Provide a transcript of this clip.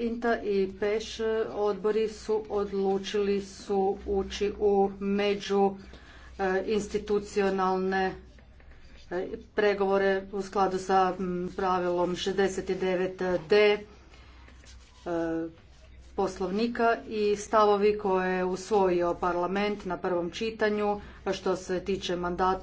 Inta i Peš odbori su odlučili su ući u međuinstitucionalne eh, eh, pregovore u skladu sa mm, pravilom 69d eh, poslovnika i stavovi koje je usvojio parlament na prvom čitanju što se tiče mandata